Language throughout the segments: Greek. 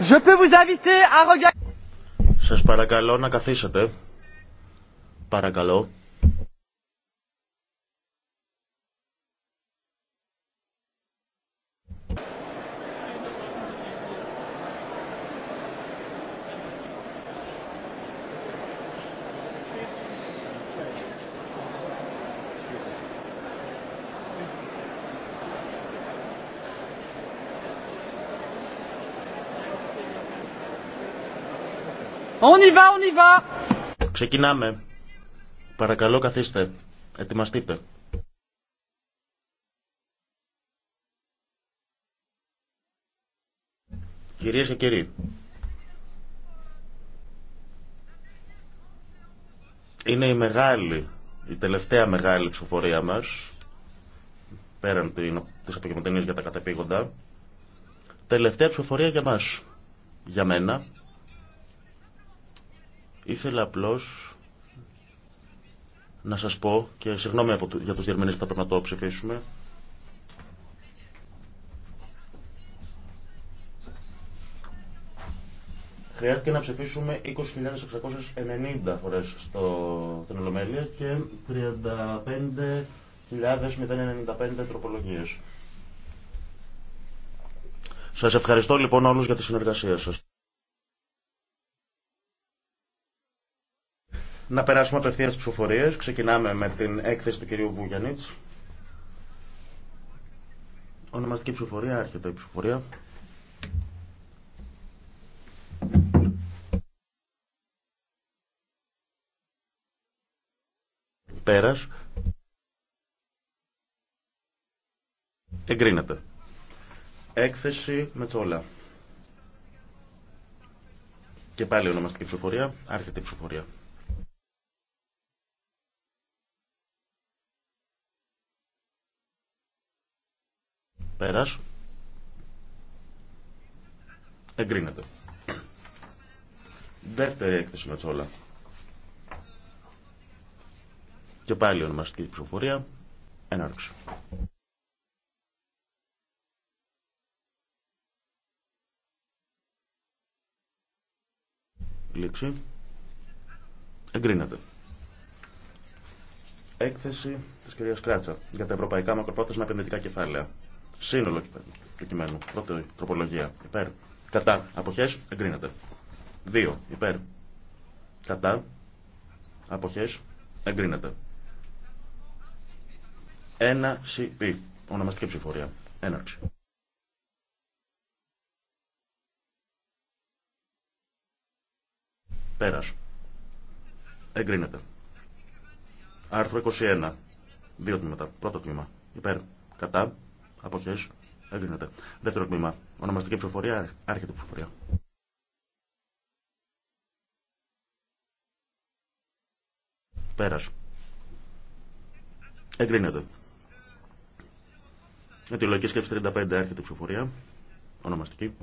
Je peux vous inviter à regarder... Σας παρακαλώ να καθίσετε. Παρακαλώ. On y va, on y va. Ξεκινάμε. Παρακαλώ καθίστε. Ετοιμαστείτε. Κυρίες και κύριοι, είναι η μεγάλη, η τελευταία μεγάλη ψηφοφορία μας, πέραν της απογευματινής για τα κατεπήγοντα, τελευταία ψηφοφορία για μας, για μένα, Ήθελα απλώς να σας πω και συγγνώμη για τους διερμηνεί που θα πρέπει να το ψηφίσουμε. Χρειάστηκε να ψηφίσουμε 20.690 φορές στο, στην και 35.095 τροπολογίες. Σας ευχαριστώ λοιπόν όλους για τη συνεργασία σας. Να περάσουμε απευθεία στι ψηφοφορίε. Ξεκινάμε με την έκθεση του κυρίου Βούγιανιτ. Ονομαστική ψηφοφορία, άρχεται η ψηφοφορία. Πέρας. Εγκρίνεται. Έκθεση με τσόλα. Και πάλι ονομαστική ψηφοφορία, άρχεται η ψηφοφορία. Πέρας. Εγκρίνεται. Δεύτερη έκθεση με τσόλα. Και πάλι ονομαστική ψηφοφορία. Έναρξη. Λήξη. Εγκρίνεται. Έκθεση της κυρίας Κράτσα για τα ευρωπαϊκά μακροπρόθεσμα επενδυτικά κεφάλαια. Σύνολο του κειμένου. Πρώτη τροπολογία. Υπέρ. Κατά. Αποχές. Εγκρίνεται. Δύο, Υπέρ. Κατά. Αποχές. Εγκρίνεται. 1 CP. Ονομαστική ψηφορία. Έναρξη. Πέρας. Εγκρίνεται. Άρθρο 21. Δύο τμήματα. Πρώτο τμήμα. Υπέρ. Κατά. Αποχές. Εγκρίνεται. Δεύτερο τμήμα. Ονομαστική ψηφοφορία. Άρχεται ψηφοφορία. Πέρας. Εγκρίνεται. Αιτιολογική σκέψη 35. η ψηφοφορία. Ονομαστική.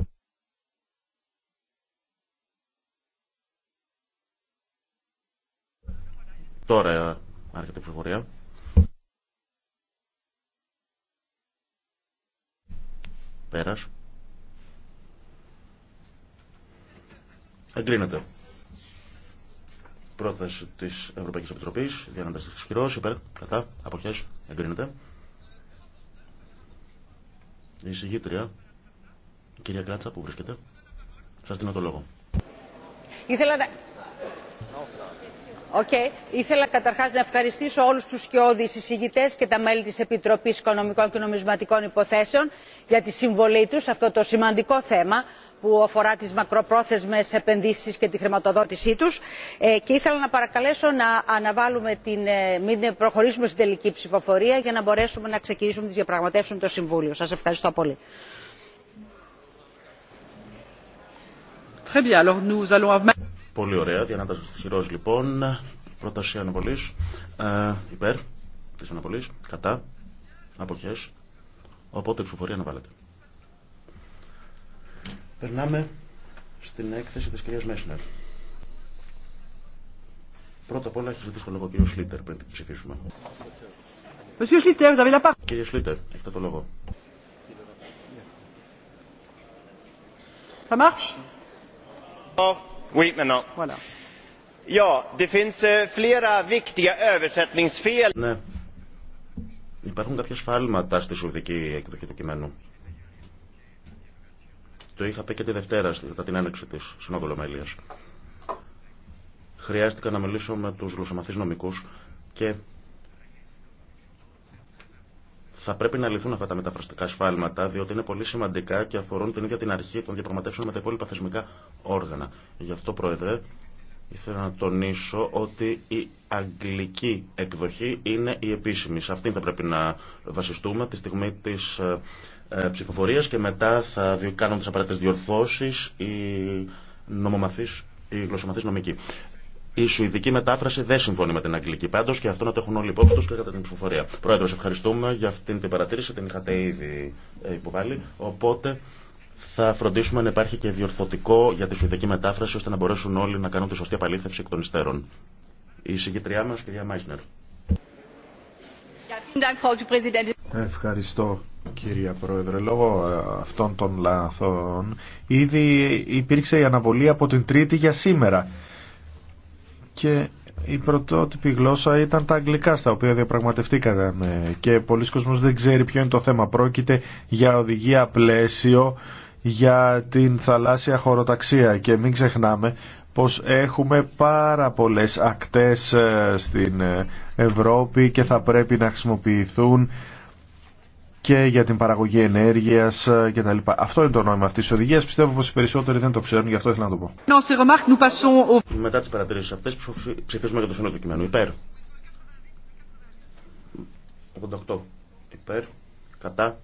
Τώρα έρχεται η ψηφοφορία. Πέρας. Εγκρίνεται. Πρόθεση τη Ευρωπαϊκή Επιτροπή, διάνοντα τη χειρό, υπέρ, κατά, αποχέ, εγκρίνεται. Η συγγήτρια, η κυρία Κράτσα, που βρίσκεται, σα δίνω το λόγο. Ήθελα να... Ήθελα καταρχάς να ευχαριστήσω όλους τους σκιώδεις εισηγητές και τα μέλη της Επιτροπής Οικονομικών και Νομισματικών Υποθέσεων για τη συμβολή τους σε αυτό το σημαντικό θέμα που αφορά τις μακροπρόθεσμες επενδύσεις και τη χρηματοδότησή τους ε, και ήθελα να παρακαλέσω να αναβάλουμε την, ε, μην προχωρήσουμε στην τελική ψηφοφορία για να μπορέσουμε να ξεκινήσουμε τις διαπραγματεύσει με το Συμβούλιο. Σας ευχαριστώ πολύ. Πολύ ωραία. Διανάταση τη χειρό λοιπόν. Πρόταση αναβολή. Ε, υπέρ τη αναβολή. Κατά. Αποχέ. Οπότε η ψηφοφορία βάλετε. Περνάμε στην έκθεση τη κυρία Μέσνερ. Πρώτα απ' όλα έχει ζητήσει το λόγο ο κύριο Σλίτερ πριν την ψηφίσουμε. Κύριε Σλίτερ, έχετε το λόγο. Θα Eh, ναι. Υπάρχουν κάποια σφάλματα στη Σουδική εκδοχή του κειμένου. Το είχα πει και τη Δευτέρα κατά την έναρξη τη Συνόδου Λομέλεια. Χρειάστηκα να μιλήσω με του γλωσσομαθεί νομικού και θα πρέπει να λυθούν αυτά τα μεταφραστικά σφάλματα, διότι είναι πολύ σημαντικά και αφορούν την ίδια την αρχή των διαπραγματεύσεων με τα υπόλοιπα θεσμικά όργανα. Γι' αυτό, Πρόεδρε, ήθελα να τονίσω ότι η αγγλική εκδοχή είναι η επίσημη. Σε αυτήν θα πρέπει να βασιστούμε τη στιγμή τη ε, ε ψηφοφορία και μετά θα κάνουν τι απαραίτητε διορθώσει οι νομομαθεί Η νομικοί. Η σουηδική μετάφραση δεν συμφωνεί με την αγγλική πάντω και αυτό να το έχουν όλοι υπόψη του και κατά την ψηφοφορία. Πρόεδρο, ευχαριστούμε για αυτήν την παρατήρηση. Την είχατε ήδη ε, υποβάλει. Οπότε θα φροντίσουμε να υπάρχει και διορθωτικό για τη σουηδική μετάφραση ώστε να μπορέσουν όλοι να κάνουν τη σωστή απαλήθευση εκ των υστέρων. Η συγκεκριά μα, κυρία Μάισνερ. Ευχαριστώ κυρία Πρόεδρε. Λόγω ε, αυτών των λάθων ήδη υπήρξε η αναβολή από την Τρίτη για σήμερα και η πρωτότυπη γλώσσα ήταν τα αγγλικά στα οποία διαπραγματευτήκαμε και πολλοί κόσμος δεν ξέρει ποιο είναι το θέμα. Πρόκειται για οδηγία πλαίσιο για την θαλάσσια χωροταξία και μην ξεχνάμε πως έχουμε πάρα πολλές ακτές ε, στην ε, Ευρώπη και θα πρέπει να χρησιμοποιηθούν και για την παραγωγή ενέργεια ε, κτλ. Αυτό είναι το νόημα αυτή τη οδηγία. Πιστεύω πω οι περισσότεροι δεν το ξέρουν, γι' αυτό ήθελα να το πω. Μετά τις παρατηρήσεις αυτές ψηφίσουμε για το σύνολο του κειμένου. Υπέρ. 88. Υπέρ. Κατά.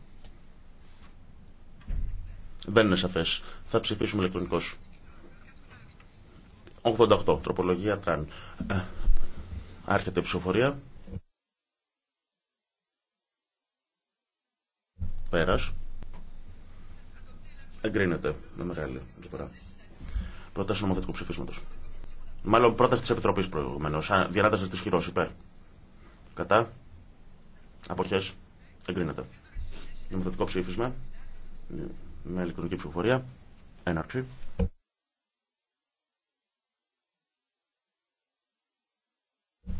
Δεν είναι σαφέ. Θα ψηφίσουμε ηλεκτρονικώς. 88. Τροπολογία τραν. Ε, άρχεται η ψηφοφορία. Πέρας. Εγκρίνεται με μεγάλη διαφορά. Πρόταση νομοθετικού ψήφισματο. Μάλλον πρόταση της Επιτροπής προηγουμένως. Διανάταση της χειρό υπέρ. Κατά. αποχέ, Εγκρίνεται. Νομοθετικό ψήφισμα. Με ηλεκτρονική ψηφοφορία. Έναρξη.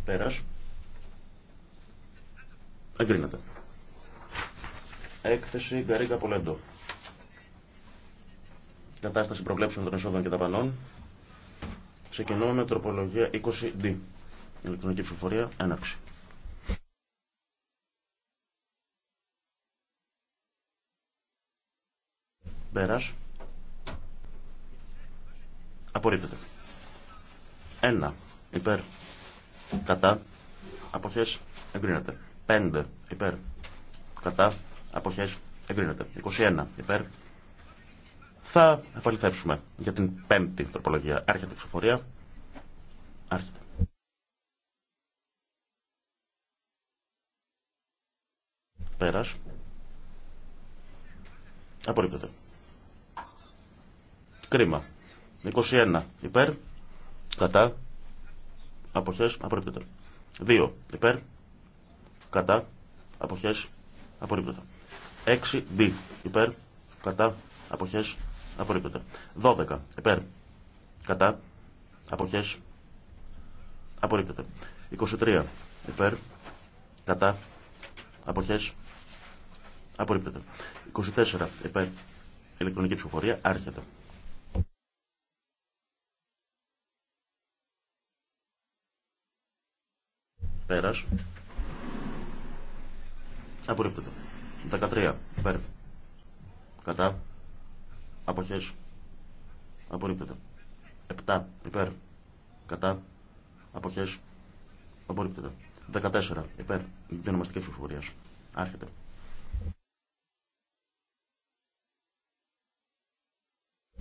Πέρας. Εγκρίνεται. Έκθεση Γκαρίγκα Πολέντο. Κατάσταση προβλέψεων των εσόδων και ταπανών. Ξεκινούμε με τροπολογία 20D. Ηλεκτρονική ψηφοφορία, έναρξη. Πέρας. Απορρίπτεται. Ένα Υπέρ. Κατά. Αποχές. Εγκρίνεται. Πέντε Υπέρ. Κατά. Αποχέ Εγκρίνεται. 21. Υπέρ. Θα επαληθεύσουμε για την πέμπτη τροπολογία. Άρχεται η ψηφοφορία. Άρχεται. Πέρας. Απορρίπτεται. Κρίμα. 21. Υπέρ. Κατά. Αποχές. Απορρίπτεται. 2. Υπέρ. Κατά. Αποχές. Απορρίπτεται. 6D. Υπέρ. Κατά. Αποχές. Απορρίπτεται. 12. Υπέρ. Κατά. Αποχές. Απορρίπτεται. 23. Υπέρ. Κατά. Αποχές. Απορρίπτεται. 24. Υπέρ. Ηλεκτρονική ψηφοφορία. Άρχεται. Πέρας. Απορρίπτεται. 13. Υπέρ. Κατά. Αποχές. Απορρίπτεται. 7. Υπέρ. Κατά. Αποχές. Απορρίπτεται. 14. Υπέρ. Διονομαστική ψηφοφορία. Άρχεται.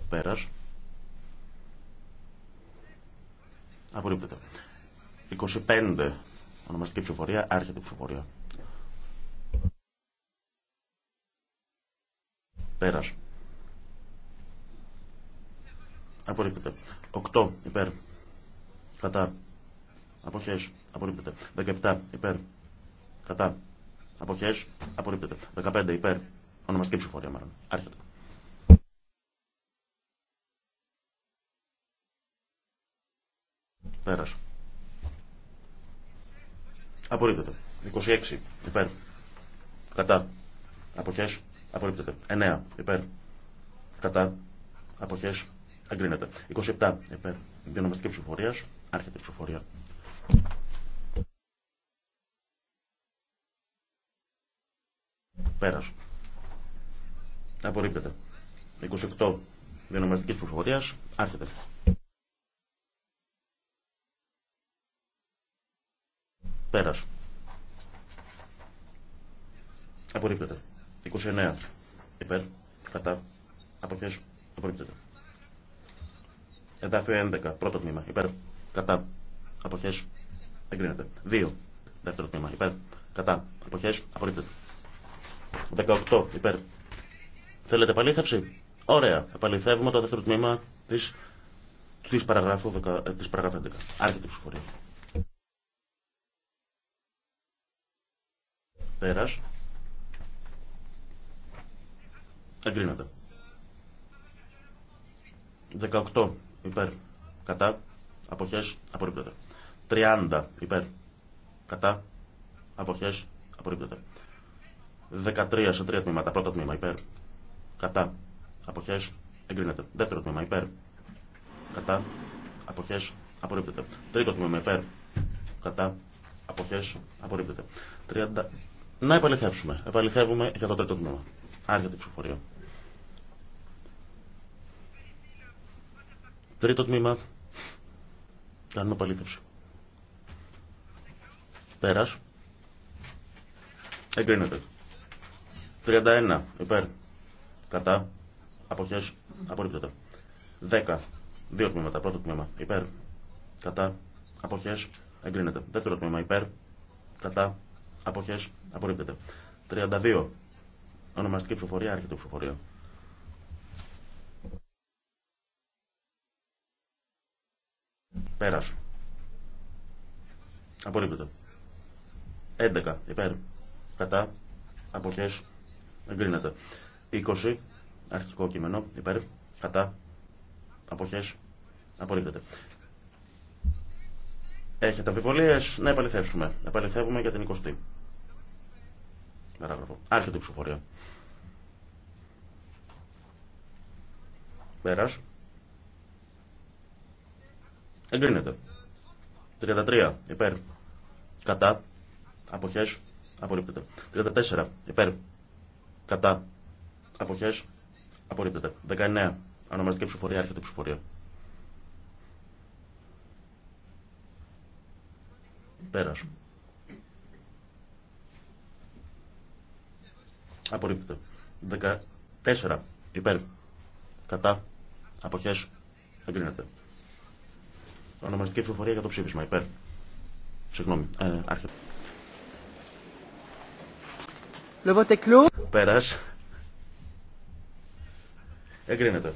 Πέρας. Απορρίπτεται. 25. Ονομαστική ψηφοφορία. Άρχεται η ψηφοφορία. Πέρας. Απορρίπτεται. 8 υπέρ. Κατά. Αποχές. Απορρίπτεται. 17 υπέρ. Κατά. Αποχές. Απορρίπτεται. 15 υπέρ. Ονομαστική ψηφορία μάλλον. Άρχεται. Πέρας. Απορρίπτεται. 26 υπέρ. Κατά. Αποχές. Απορρίπτεται. 9. Υπέρ. Κατά. Αποχέ. Αγκρίνεται. 27. Υπέρ. Διονομαστική ψηφοφορία. Άρχεται η ψηφοφορία. Πέρας. Απορρίπτεται. 28. Διονομαστική ψηφοφορία. Άρχεται. Πέρας. Απορρίπτεται. 29. Υπέρ. Κατά. Αποχές. Απορρίπτεται. Εδάφιο 11. Πρώτο τμήμα. Υπέρ. Κατά. Αποχές. Εγκρίνεται. 2. Δεύτερο τμήμα. Υπέρ. Κατά. Αποχές. Απορρίπτεται. 18. Υπέρ. Θέλετε επαλήθευση. Ωραία. Επαληθεύουμε το δεύτερο τμήμα της, της παραγράφου ε, της παραγράφου 11. Άρχεται η ψηφορία. Εγκρίνεται. 18 υπέρ. Κατά. Αποχές. Απορρίπτεται. 30 υπέρ. Κατά. Αποχές. Απορρίπτεται. 13 σε τρία τμήματα. Πρώτο τμήμα υπέρ. Κατά. Αποχές. Εγκρίνεται. Δεύτερο τμήμα υπέρ. Κατά. Αποχές. Απορρίπτεται. Τρίτο τμήμα υπέρ. Κατά. Αποχές. Απορρίπτεται. 30... Να επαληθεύσουμε. Επαληθεύουμε για το τρίτο τμήμα. Άρχεται η ψηφοφορία. Τρίτο τμήμα. Κάνουμε παλήθευση. Πέρα Εγκρίνεται. 31. Υπέρ. Κατά. απόχέ, Απορρίπτεται. 10. Δύο τμήματα. Πρώτο τμήμα. Υπέρ. Κατά. Αποχές. Εγκρίνεται. Δεύτερο τμήμα. Υπέρ. Κατά. Αποχές. Απορρίπτεται. 32. Ονομαστική ψηφοφορία, άρχεται ψηφοφορία. Πέρασε. Απορρίπτεται. 11. Υπέρ. Κατά. Αποχές. Εγκρίνεται. 20. Αρχικό κείμενο. Υπέρ. Κατά. Αποχές. Απορρίπτεται. Έχετε αμφιβολίες. Να επαληθεύσουμε. Επαληθεύουμε για την 20. η παράγραφο. Άρχεται η ψηφοφορία. Πέρας. Εγκρίνεται. 33. Υπέρ. Κατά. απόχέ, Απορρίπτεται. 34. Υπέρ. Κατά. απόχέ, Απορρίπτεται. 19. Ανομαστική ψηφοφορία. Άρχεται η ψηφοφορία. Πέρας. Απορρίπτεται. 14 υπέρ. Κατά. Αποχές. Εγκρίνεται. Ονομαστική ψηφοφορία για το ψήφισμα υπέρ. Συγγνώμη. Ε, άρχεται. Le Εγκρίνεται.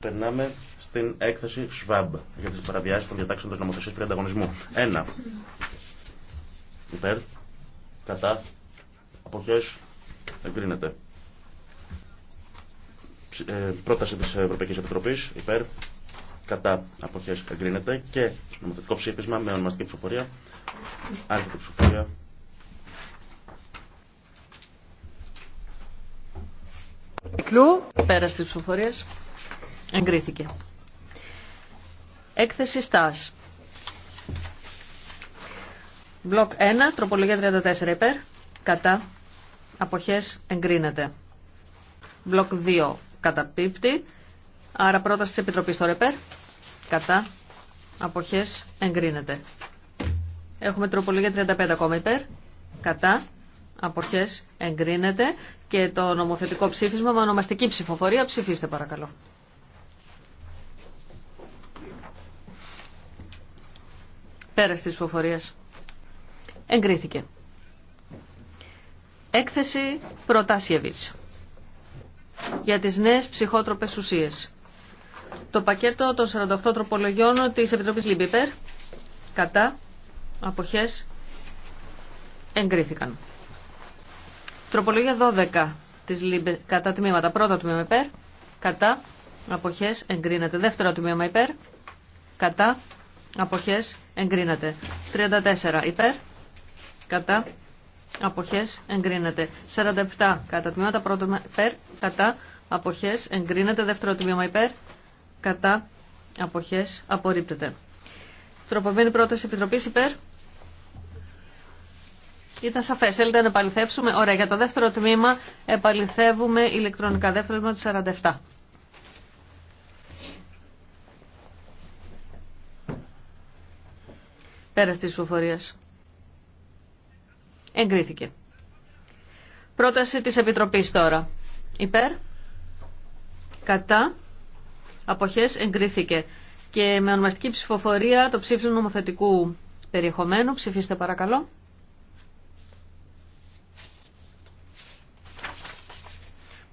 Περνάμε στην έκθεση ΣΒΑΜ για τις παραβιάσεις των διατάξεων των νομοθεσίας του ανταγωνισμού. 1. Υπέρ. Κατά. Αποχές. Εγκρίνεται. Ε, πρόταση της Ευρωπαϊκής Επιτροπής υπέρ κατά αποχές εγκρίνεται και νομοθετικό ψήφισμα με ονομαστική ψηφοφορία άρχεται ψηφοφορία Εκλού. Πέρα στις ψηφοφορίες εγκρίθηκε Έκθεση ΣΤΑΣ Μπλοκ 1, τροπολογία 34 υπέρ κατά αποχές εγκρίνεται. Μπλοκ 2 καταπίπτει. Άρα πρόταση της Επιτροπής στο ΡΕΠΕΡ. Κατά. Αποχές εγκρίνεται. Έχουμε τροπολογία 35 ακόμα υπέρ. Κατά. Αποχές εγκρίνεται. Και το νομοθετικό ψήφισμα με ονομαστική ψηφοφορία. Ψηφίστε παρακαλώ. Πέρας της ψηφοφορίας. Εγκρίθηκε. Έκθεση Προτάσιεβιτς για τις νέες ψυχότροπες ουσίες. Το πακέτο των 48 τροπολογιών της Επιτροπής Λιμπίπερ κατά αποχές εγκρίθηκαν. Τροπολογία 12 της Λιμπε, κατά τμήματα. Πρώτο τμήμα υπέρ, κατά αποχές εγκρίνεται. Δεύτερο τμήμα υπέρ, κατά αποχές εγκρίνεται. 34 υπέρ, κατά αποχές εγκρίνεται. 47 κατά τμήματα πρώτο υπέρ, κατά αποχές εγκρίνεται. Δεύτερο τμήμα υπέρ, κατά αποχές απορρίπτεται. Τροποποιημένη πρόταση επιτροπής υπέρ. Ήταν σαφές. Θέλετε να επαληθεύσουμε. Ωραία. Για το δεύτερο τμήμα επαληθεύουμε ηλεκτρονικά. Δεύτερο τμήμα του 47. Πέρα τη ψηφοφορία. Εγκρίθηκε. Πρόταση της Επιτροπής τώρα. Υπέρ. Κατά. Αποχές εγκρίθηκε. Και με ονομαστική ψηφοφορία το ψήφισμα νομοθετικού περιεχομένου. Ψηφίστε παρακαλώ.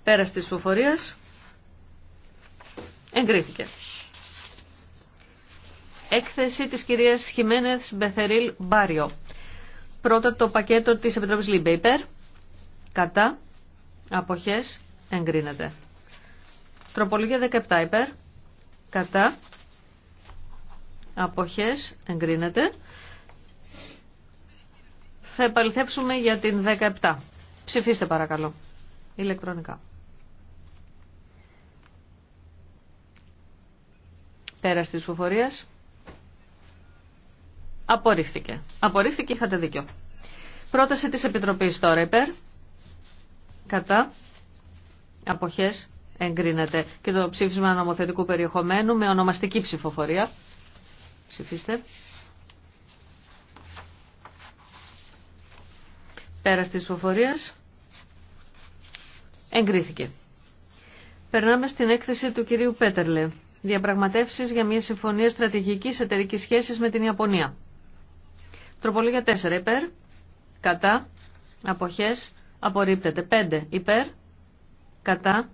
Πέρας της ψηφοφορίας. Εγκρίθηκε. Έκθεση της κυρίας Χιμένεθ Μπεθερίλ Μπάριο. Πρώτα το πακέτο της Επιτροπής ΛΥΜΠΕ υπέρ, κατά, αποχές, εγκρίνεται. Τροπολογία 17 υπέρ, κατά, αποχές, εγκρίνεται. Θα επαληθεύσουμε για την 17. Ψηφίστε παρακαλώ, ηλεκτρονικά. Πέρα της ψηφοφορίας. Απορρίφθηκε. Απορρίφθηκε, είχατε δίκιο. Πρόταση της Επιτροπής τώρα υπέρ. Κατά. Αποχές εγκρίνεται. Και το ψήφισμα νομοθετικού περιεχομένου με ονομαστική ψηφοφορία. Ψηφίστε. Πέρας της ψηφοφορίας. Εγκρίθηκε. Περνάμε στην έκθεση του κυρίου Πέτερλε. Διαπραγματεύσεις για μια συμφωνία στρατηγικής εταιρικής σχέσης με την Ιαπωνία. Τροπολογία 4 υπέρ, κατά, αποχέ, απορρίπτεται. 5 υπέρ, κατά,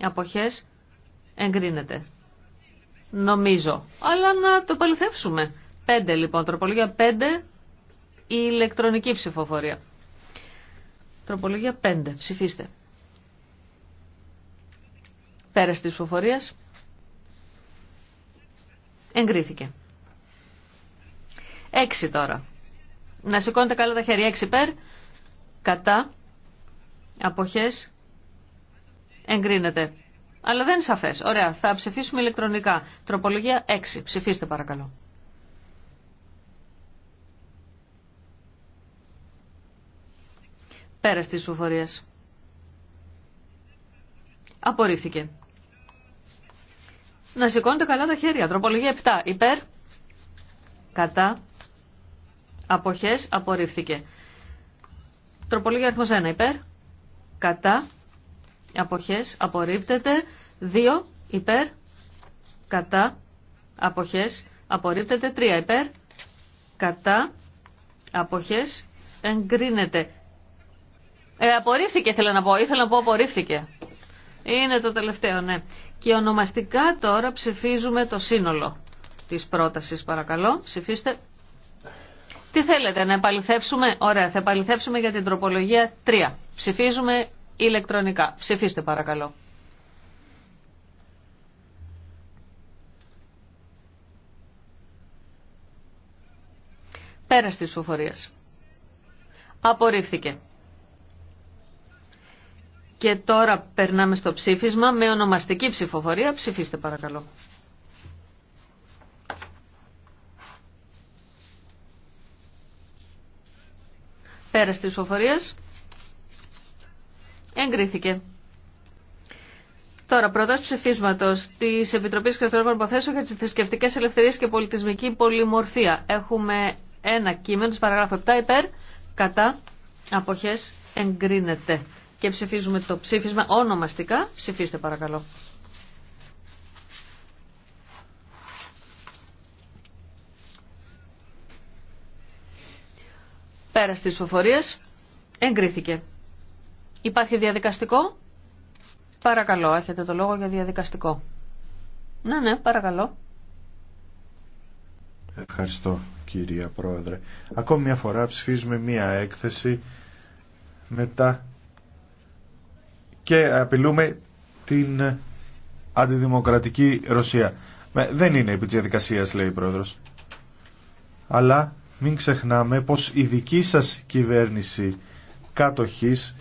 αποχές, εγκρίνεται. Νομίζω. Αλλά να το παληθεύσουμε. 5 λοιπόν, τροπολογία 5, η ηλεκτρονική ψηφοφορία. Τροπολογία 5, ψηφίστε. Πέρα τη ψηφοφορία. Εγκρίθηκε. Έξι τώρα. Να σηκώνετε καλά τα χέρια. Έξι υπέρ. Κατά. Αποχές. Εγκρίνεται. Αλλά δεν είναι σαφές. Ωραία. Θα ψηφίσουμε ηλεκτρονικά. Τροπολογία 6. Ψηφίστε παρακαλώ. Πέρα τη ψηφοφορία. Απορρίφθηκε. Να σηκώνετε καλά τα χέρια. Τροπολογία 7. Υπέρ. Κατά αποχές απορρίφθηκε. Τροπολογία αριθμό 1 υπέρ, κατά, αποχές απορρίπτεται, 2 υπέρ, κατά, αποχές απορρίπτεται, 3 υπέρ, κατά, αποχές εγκρίνεται. Ε, απορρίφθηκε ήθελα να πω, ήθελα να πω απορρίφθηκε. Είναι το τελευταίο, ναι. Και ονομαστικά τώρα ψηφίζουμε το σύνολο της πρότασης, παρακαλώ. Ψηφίστε. Τι θέλετε, να επαληθεύσουμε. Ωραία, θα επαληθεύσουμε για την τροπολογία 3. Ψηφίζουμε ηλεκτρονικά. Ψηφίστε παρακαλώ. Πέρα τη ψηφοφορίας. Απορρίφθηκε. Και τώρα περνάμε στο ψήφισμα με ονομαστική ψηφοφορία. Ψηφίστε παρακαλώ. Πέρα τη ψηφοφορία. Εγκρίθηκε. Τώρα, προτάσει ψηφίσματο τη Επιτροπή Κρατικών Υποθέσεων για τι θρησκευτικέ ελευθερίε και πολιτισμική πολυμορφία. Έχουμε ένα κείμενο, τη παραγράφου 7, υπέρ, κατά, αποχέ, εγκρίνεται. Και ψηφίζουμε το ψήφισμα ονομαστικά. Ψηφίστε παρακαλώ. Πέρα τη ψηφοφορία. Εγκρίθηκε. Υπάρχει διαδικαστικό. Παρακαλώ, έχετε το λόγο για διαδικαστικό. Ναι, ναι, παρακαλώ. Ευχαριστώ κυρία Πρόεδρε. Ακόμη μια φορά ψηφίζουμε μια έκθεση μετά και απειλούμε την αντιδημοκρατική Ρωσία. Ε, δεν είναι επί της διαδικασίας λέει η Πρόεδρος. Αλλά μην ξεχνάμε πως η δική σας κυβέρνηση κατοχής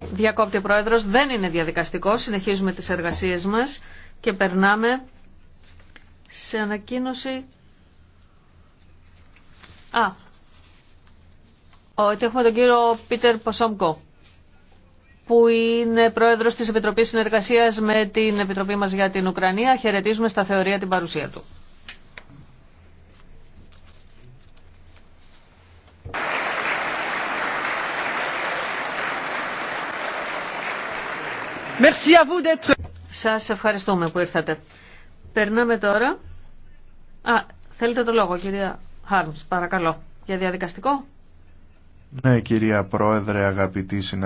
Διακόπτη ο Πρόεδρος, δεν είναι διαδικαστικό, συνεχίζουμε τις εργασίες μας και περνάμε σε ανακοίνωση... Α, ότι έχουμε τον κύριο Πίτερ Ποσόμκο, που είναι Πρόεδρος της Επιτροπής Συνεργασίας με την Επιτροπή μας για την Ουκρανία. Χαιρετίζουμε στα θεωρία την παρουσία του. Σας ευχαριστούμε που ήρθατε. Περνάμε τώρα. Α, θέλετε το λόγο, κυρία Χάρμς, παρακαλώ. Για διαδικαστικό. Ναι, κυρία Πρόεδρε, αγαπητοί συνάδελφοι.